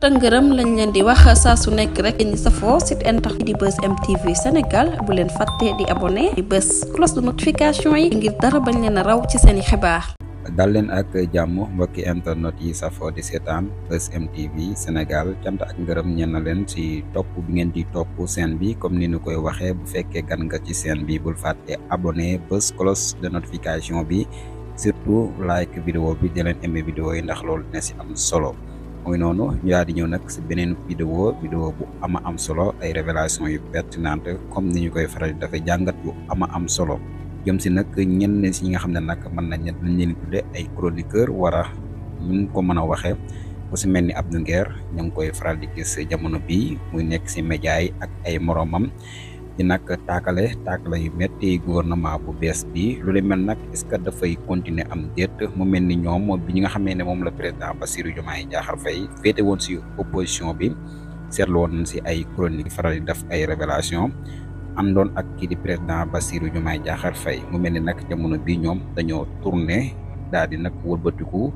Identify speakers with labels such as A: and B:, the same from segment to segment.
A: tëngërëm lañ leen di wax saa su nekk rek safoo site internet di bus mtv Senegal bu leen fàtte di abonné di bës cloche de notification yi ngir dara bañ leen raw ci seeni xibaar dal leen ak jàmm mbokki internet yi safoo di seetaan bës mtv Senegal cant ak ngërëm ñen leen ci topp bi ngeen di topp seen bi comme ni ñu koy waxee bu fekkee gan nga ci seen bi bul fàtte abonné bës cloche de notification bi surtout like video bi di leen aimé vidéo yi ndax loolu ne si am solo mooy noonu ñu daal di ñëw nag si beneen vidéo vidéo bu ama am solo ay révélation yu pertinente comme ni ñu koy faral di dafay jàngat bu ama am solo jëm si nag ñenn si ñi nga xam ne nag mën nañ lañ leen tuddee ay chroniqueur war a ñu ko mën a waxee ku si mel ni Abdou Nguer ñu ngi koy faral di gis jamono bii muy nekk si média yi ak ay moromam di nag taakale taakale yu metti gouvernement bu bees bi lu le mel nag est-ce que dafay continuer am déet mu mel ni ñoom bi ñi nga xamee ne moom la président Bassirou Diomaye Diakhar Faye féete woon ci opposition bi seetlu woon nañ ci ay chronique faral di def ay révélation àndoon ak kii di président Bassirou Diomaye Diakhar fay mu mel ni nag jamono bi ñoom dañoo tourné daal di nag wëlbatiku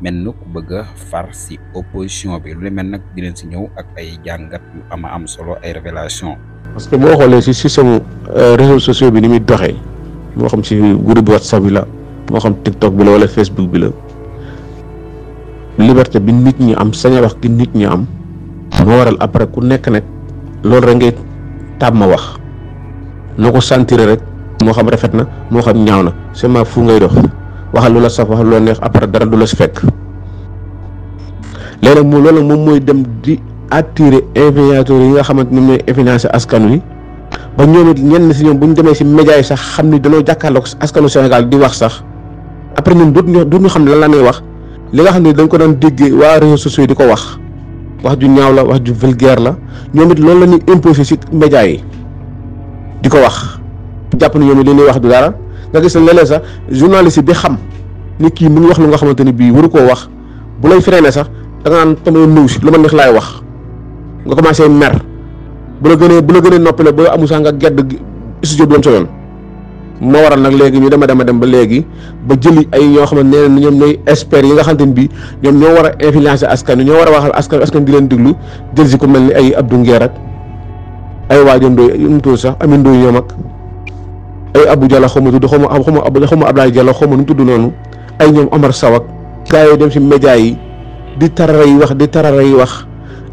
A: mel na ku bëgg far si opposition bi lu mel nak di leen ñëw ak ay jangat yu ama am solo ay révélation parce que bo xolé ci
B: système euh, réseaux sociaux bi ni mi doxé bo xam si groupe whatsapp bi la bo xam tiktok bi la wala facebook bi la liberté bi nit ñi am sañ wax gi nit ñi am mo waral après ku nekk tab lool ra ngay tàmm wax noo ko sentir rek mo xam rafet na xam ñaaw na ma fu ngay dox waxal lu la saf waxal lu neex après dara du la fekk léegi nag mu loolu moom mooy dem di attirer influenceurs yi nga xamante ni ñooy influencer askan wi ba ñoom it ñenn si ñoom bu ñu demee si média yi sax xam ni dañoo jàkkaarloog askanu Sénégal di wax sax après ñun dootuñu dootuñu xam ne lan la ñuy wax li nga xam ne dañ ko doon déggee waa réseaux sociaux yi di ko wax wax ju ñaaw la wax ju vulgaire la ñoom it loolu la ñuy imposé si média yi di ko wax jàpp ne ñoom it li ñuy wax du dara. nga gis ne léeg-léeg sax journaliste bi xam ni kii mu ngi wax lu nga xamante ni bii waru koo wax bu lay freiné sax da nga naan tamit nuus lu ma neex laay wax nga commencé mer bu la gënee bu la gënee noppale ba amul sax nga gedd studio bi doon sa yoon moo waral nag léegi ñu dem dema dem ba léegi ba jëli ay ñoo xam ne nee ñoom ñooy experts yi nga xamante ni bii ñoom ñoo war a influencer askan wi ñoo war a waxal askan askan di leen déglu jël si ku mel ni ay Abdou Nguer ak ay waa jëm sax Amine Ndoye ñoom ay Abou Diallo xaw ma tudd xaw ma xaw ma Abdoulaye Diallo xaw ma nu mu tudd noonu ay ñoom Omar Sow ak gars yooyu dem si média yi di tarara yi wax di tarara yi wax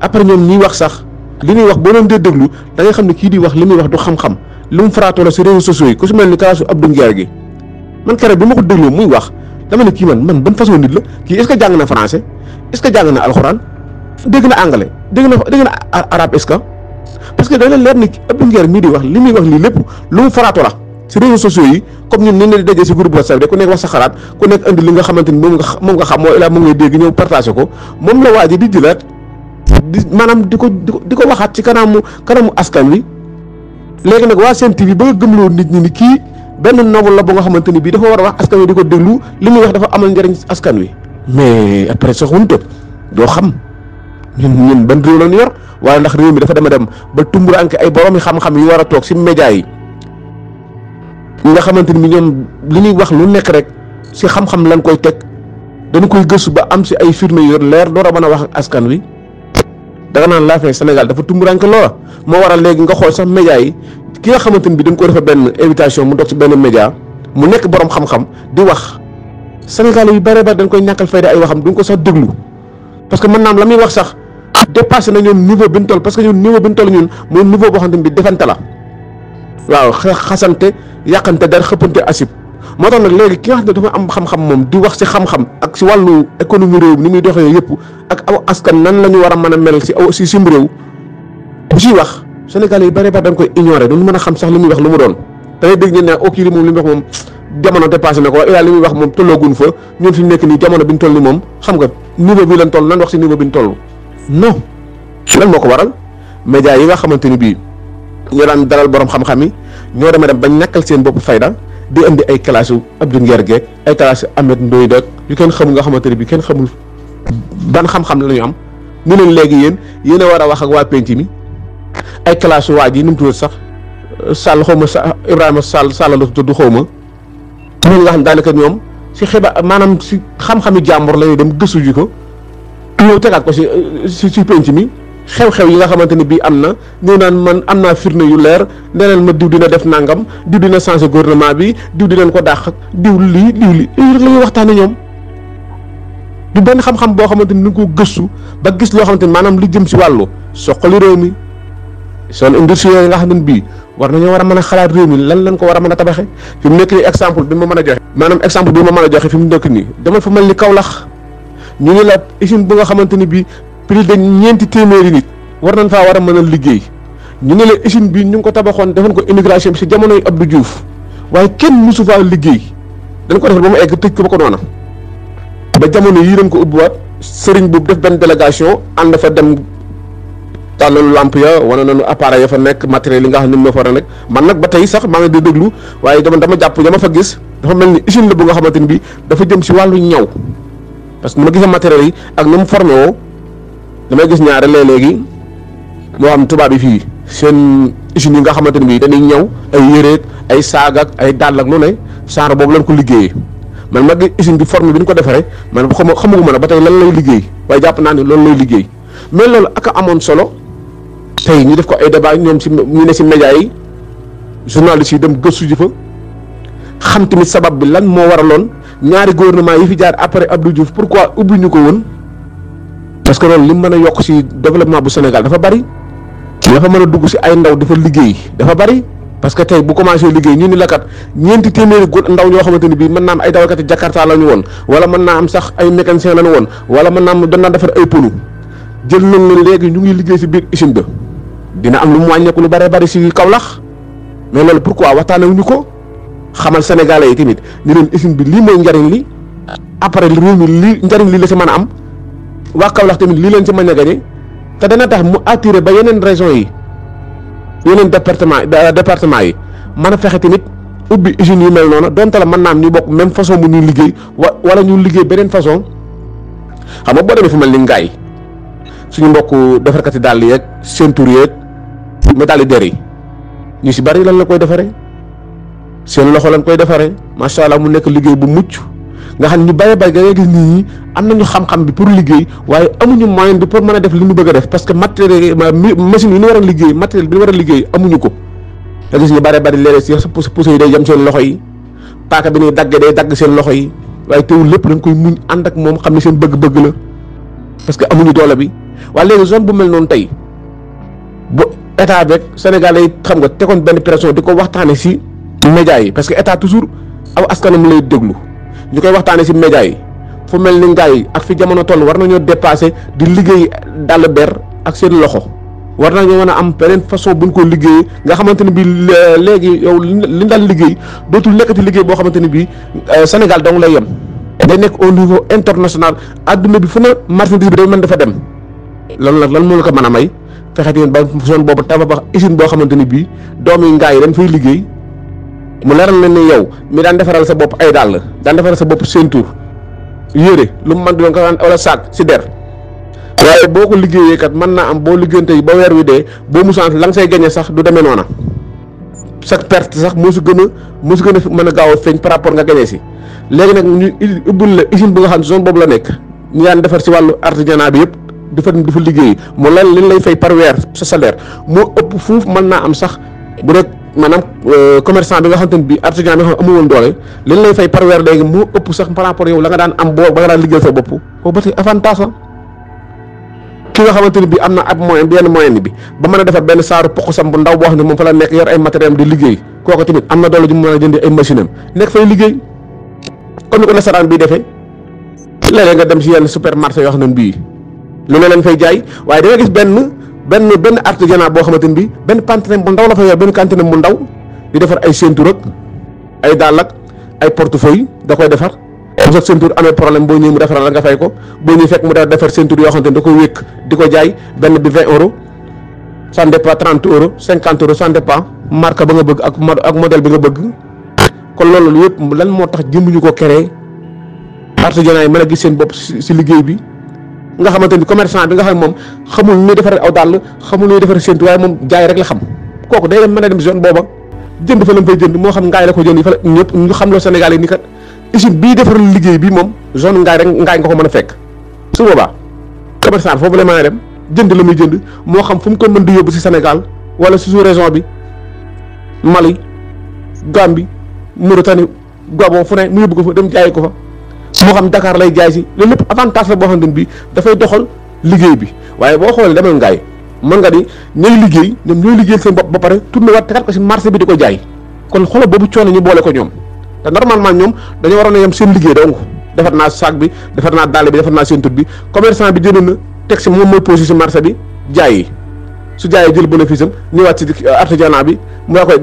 B: après ñoom ñiy wax sax li ñuy wax boo leen dee déglu da ngay xam ne kii di wax li muy wax du xam-xam lu mu faraatoo la si réseaux sociaux ma ko dégloo wax dama ne kii man man ban façon nit la kii est-ce que jàng na français est na alxuraan dégg na anglais dégg na dégg na arabe est mii di wax li muy wax lii lépp lu mu faraatoo la ci réseaux sociaux yi comme ñun ni ne di dajee si groupe whatsapp de ku nekk wax sa xalaat ku nekk andi li nga xamanteni ni nga moom nga xam mo ila mo ngay dégg ñeu partager ko mom la waji di jilat manam diko diko waxat ci kanam kanam askan wi légui nak wa sen TV ba nga lo nit ñi ni ki benn novel la ba nga xamanteni bi dafa war wax askan wi diko déglu li wax dafa amal ndariñ askan wi mais après sax wunte do xam ñun ñun ban réew la ñu yor ndax réew mi dafa dem dem ba tumburanke ay borom yi xam-xam yu wara tok ci média yi nga xamante ni ñoom li muy wax lu nekk rek si xam-xam lañ koy teg dañu koy gëstu ba am si ay firme yor leer door a mën a wax ak askan wi danga naan laa fee Sénégal dafa tumburanke loola moo waral léegi nga xool sax média yi ki nga xamante ni bi dañ ko defee benn invitation mu dox ci benn média mu nekk borom xam-xam di wax Sénégal yu bare bare dañ koy ñàkkal fayda ay waxam duñ ko sax déglu parce que mën naam la muy wax sax dépassé na ñoom niveau bi ñu toll parce bi ñu toll la waaw xasante yàqante dara xëppante asib moo tax nag léegi ki nga xam ne dafa am xam-xam moom di wax si xam-xam ak si wàllu économie réew ni muy doxee yëpp ak aw askan nan la ñu war a mën a mel si aw si sim réew bu siy wax Sénégal yi bari ba da nga koy ignoré duñu mën a xam sax li muy wax lu mu doon da ngay dégg ñu ne okii li moom li muy wax moom jamono dépassé na ko waaye li muy wax moom tolloogun fa ñun fi ñu nekk nii jamono bi ñu toll ni moom xam nga niveau bi lañ toll nan wax si niveau bi ñu toll non moo ko waral média yi nga xamante ni bii ñoo daan dalal boroom xam-xam yi ñoo dema dem bañ nekkal seen bopp fayda di indi ay classe yu Abdou Nguer geeg ay classe yu Ahmed Ndoye doog yu kenn xamul nga xamante ne bi kenn xamul ban xam-xam la am ñu leen léegi yéen yéen a war a wax ak waa penc mi ay classe waa ji nu mu tudd sax Sall xaw ma sa Ibrahima Sall Sall la tudd xaw ma ñun nga xam daanaka ñoom si xibaar maanaam si xam-xami jàmbur lañuy dem gëstu ji ko ñëw tegaat ko si si penc mi. xew-xew yi nga xamanteni bi amna ñu naan man amna firna yu leer neneen ma diw dina def nangam diw dina changer gouvernement bi diw dinañ ko dàq diw li diw lii rek la ñuy waxtaane ñoom du benn xam-xam boo xamanteni ni ñu ko gëstu ba gis loo xamanteni ni maanaam li jëm si wàllu soqali réew mi zone industrie yi nga xamanteni bii war nañu war a mën a xalaat réew mi lan lañ ko war a mën a tabaxe fi mu nekk ni exemple bi ma mën a joxe maanaam exemple bi ma mën a joxe fi mu nekk nii dama fa mel ni Kaolack ñu ngi la usine bu nga xamanteni bi plus de ñenti téméri nit war nañ fa wara mëna liggéey ñu ne la usine bi ñu ko tabaxoon defoon ko immigration ci si jamonoy Abdou Diouf waaye kenn musu fa liggéey dañ ko defar ba mu egg tëj ko ba ko noona ba jamono yi dañ ko ubbiwaat sëriñ bu def benn délégation ànd fa dem tàllalu lampe ya wane nañu appareil ya fa nekk matériel yi nga xam ne moo fa war a man nag ba tey sax maa ngi di déglu waaye dama dama jàpp dama fa gis dafa mel ni usine la bu nga xamante ni bi dafa jëm si wàllu ñaw parce que ma gisee matériel yi ak na mu formé woo damay gis ñaare léeg-léegi moo xam tubaab yi fii seen usines yi nga xamante ne bii dañuy ñëw ay yëreeg ay saag ak ay dàll ak lu ne genre boobu lañ ko liggéeyee man ma usine bi forme bi ñu ko defaree man xam xamaguma ne ba tey lan lay liggéey waaye jàpp naa ne loolu lay liggéey mais loolu ak amoon solo tey ñu def ko ay débat ñoom si ñu ne si média yi journalistes yi dem gëstu ji fa xam tamit sabab bi lan moo waraloon ñaari gouvernement yi fi jaar après Abdou Diouf pourquoi ubbi ñu ko woon. parce que loolu lim meuna yok ci développement bu Sénégal dafa bari ci dafa meuna dugg ci ay ndaw dafa liggéey dafa bari parce que tay bu commencé liggéey ñu ni la kat ñeenti téeméeri gu ndaw ñoo xamanteni bi bii mën am ay dawalkati Jakarta lañu won wala mën naa am sax ay mécanicien lañu won wala mën naa am dañ na defar ay polu jël nañ la légui ñu ngi liggéey ci biir usine ba dina am lu mu wàññeeku lu bari bari ci Kaolack mais loolu pourquoi waxtane wuñu ko xamal sénégalais yi timit ñu leen usine bi li moy njariñ li après réew mi lii njariñ li la ci meuna am waa Kaolack tamit li leen ci mën gagné té dana tax mu attirer ba yenen région yi yenen département euh, département yi man fexé tamit ubbi usine yu mel nona donte la man naa am ñu bokk même façon bu ñu liggéey wala ñu liggéey benen façon xam bo boo demee fu mel ni ngaay suñu mbokk defarkati dàll yeeg ceinture yi der yi ñu ci bari lan la koy seen loxo lan koy mu nekk liggéey bu muccu nga xam ne ñu bëree bëri am nañu xam-xam bi pour liggéey waaye amuñu moyen bi pour mën a def li ñu bëgg def parce que matériel machine yi ñu war a liggéey matériel ñu ko nga gis ñu bëree bëri léeg-léeg si sa pousse yi day yem seen loxo yi paaka bi ñuy dagg seen loxo yi waaye teewul lépp dañ koy muñ ànd ak moom xam ne seen bëgg-bëgg la parce que amuñu doole bi waaye léegi zone bu mel noonu tey bu état beeg Sénégal xam nga tegoon benn pression di ko waxtaane si média yi parce que état toujours aw mu lay déglu ñu wah waxtaane sim média yi fu mel ngaay ak fi jamono toll war nañoo dépassé di liggéey dàll ber ak seen loxo war nañoo wana am beneen façon buñ ko liggéeyee nga xamante ni bi léegi yow li daan liggéey dootul nekkati liggéey bo xamante bi euh, Sénégal dong lay yem day nekk au niveau international àdduna bi fu na marchandise bi day mën dafa dem lan ko may ba ngaay dañ mu leral na ni yow mi daan defaral sa bopp ay dàll daan defaral sa bopp seen tour yére lu mu mën di ko wala sac si der waaye boo ko liggéeyee kat mën naa am boo liggéeyante ba weer wi dee boo musaan la nga say gañe sax du demee noona sa perte sax mosu gëna a mosu gën mën a gaaw feñ par rapport nga gañe si léegi nag ñu ubbul la usine bu nga xam zone boobu la nekk ñu daan defar si wàllu artisanat bi yëpp dafa dafa liggéey mu lan liñ lay fay par weer sa salaire moo ëpp fuuf mën naa am sax bu rek manam eh, commerçant bi nga xamanteni bi artisan bi nga xam amul won doole liñ lay fay par wer legi mo upp sax par rapport yow la nga daan am bo ba nga daan liggéeyal sa bop ko ba ci avantage ki nga xamanteni bi amna ab moyen ben moyen bi ba meuna defal ben saaru pokku sam bu ndaw bo xamne mom fa la nek yor ay matériel di liggéey koko tamit amna doole ju mëna jënd ay machine am nek fay liggéey comme ko nasaran bi defé lélé nga dem ci yenn supermarché yo xamne bi lu leen fay jaay waye da nga gis ben benn benn artisanat boo xamante bi benn pantine bu ndaw la fa yor benn cantine bu ndaw di defar ay ceinture ak ay dàll ak ay portefeuille da koy defar bu sa ceinture amee problème boo ñëwee mu defaral la nga fay ko boo ñëwee fekk mu defar ceinture yoo xamante ni da koy wékk di ko jaay benn bi 20 euros ça ne dépend 30 euros 50 euros ça ne dépend marque ba nga bëgg ak ak modèle bi nga bëgg kon loolu yëpp lan moo tax jëmuñu ko créer artisanat yi mën a gis seen bopp si liggéey bi nga xamante ni commerçant bi nga xam moom xamul nuy defaree aw dàll xamul nuy defaree séntu waaye moom jaay rek la xam kooku day dem mën a dem zone booba jënd fa jënd moo xam ngaay la ko jënd xam loo Sénégal yi ni kat usine bii defaral moom zone ngaay rek ngaay nga a fekk su boobaa commerçant bi foofu la mën la muy jënd moo xam fu mu ko mën di yóbbu si Sénégal wala si sous-région bi Mali Gambie Mauritanie Gabon fu ne mu yóbbu ko fa dem jaayi ko fa moo xam dakaar lay jaay si loolu lépp avantage la boo xamante ne dafay doxal liggéey bi waaye boo xoolee demal ngaay mën nga ni ñooy liggéey ñoom ñooy liggéey seen bopp ba pare tourné waat tegaat ko si marché bi di ko jaay kon xoolal boobu coono ñu boole ko ñoom te normalement ñoom dañoo waroon a yem seen liggéey donc defar naa sac bi defar naa dàll bi defar naa seen tut bi commerçant bi jënd na teg si moom mooy posé si marché bi jaay yi su jaayee jël bénéfice am ñëwaat si artisanat bi mu daa koy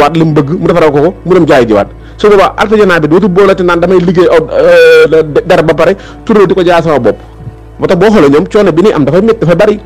B: waat li mu bëgg mu defaral ko ko mu dem jaay jiwaat su boobaa artisanat bi dootu boolati naan damay liggéey aw euh, dara ba pare turloo di ko jaay sama bopp moo tax boo xoolee ñoom coono bi ñuy am dafay métti dafa bari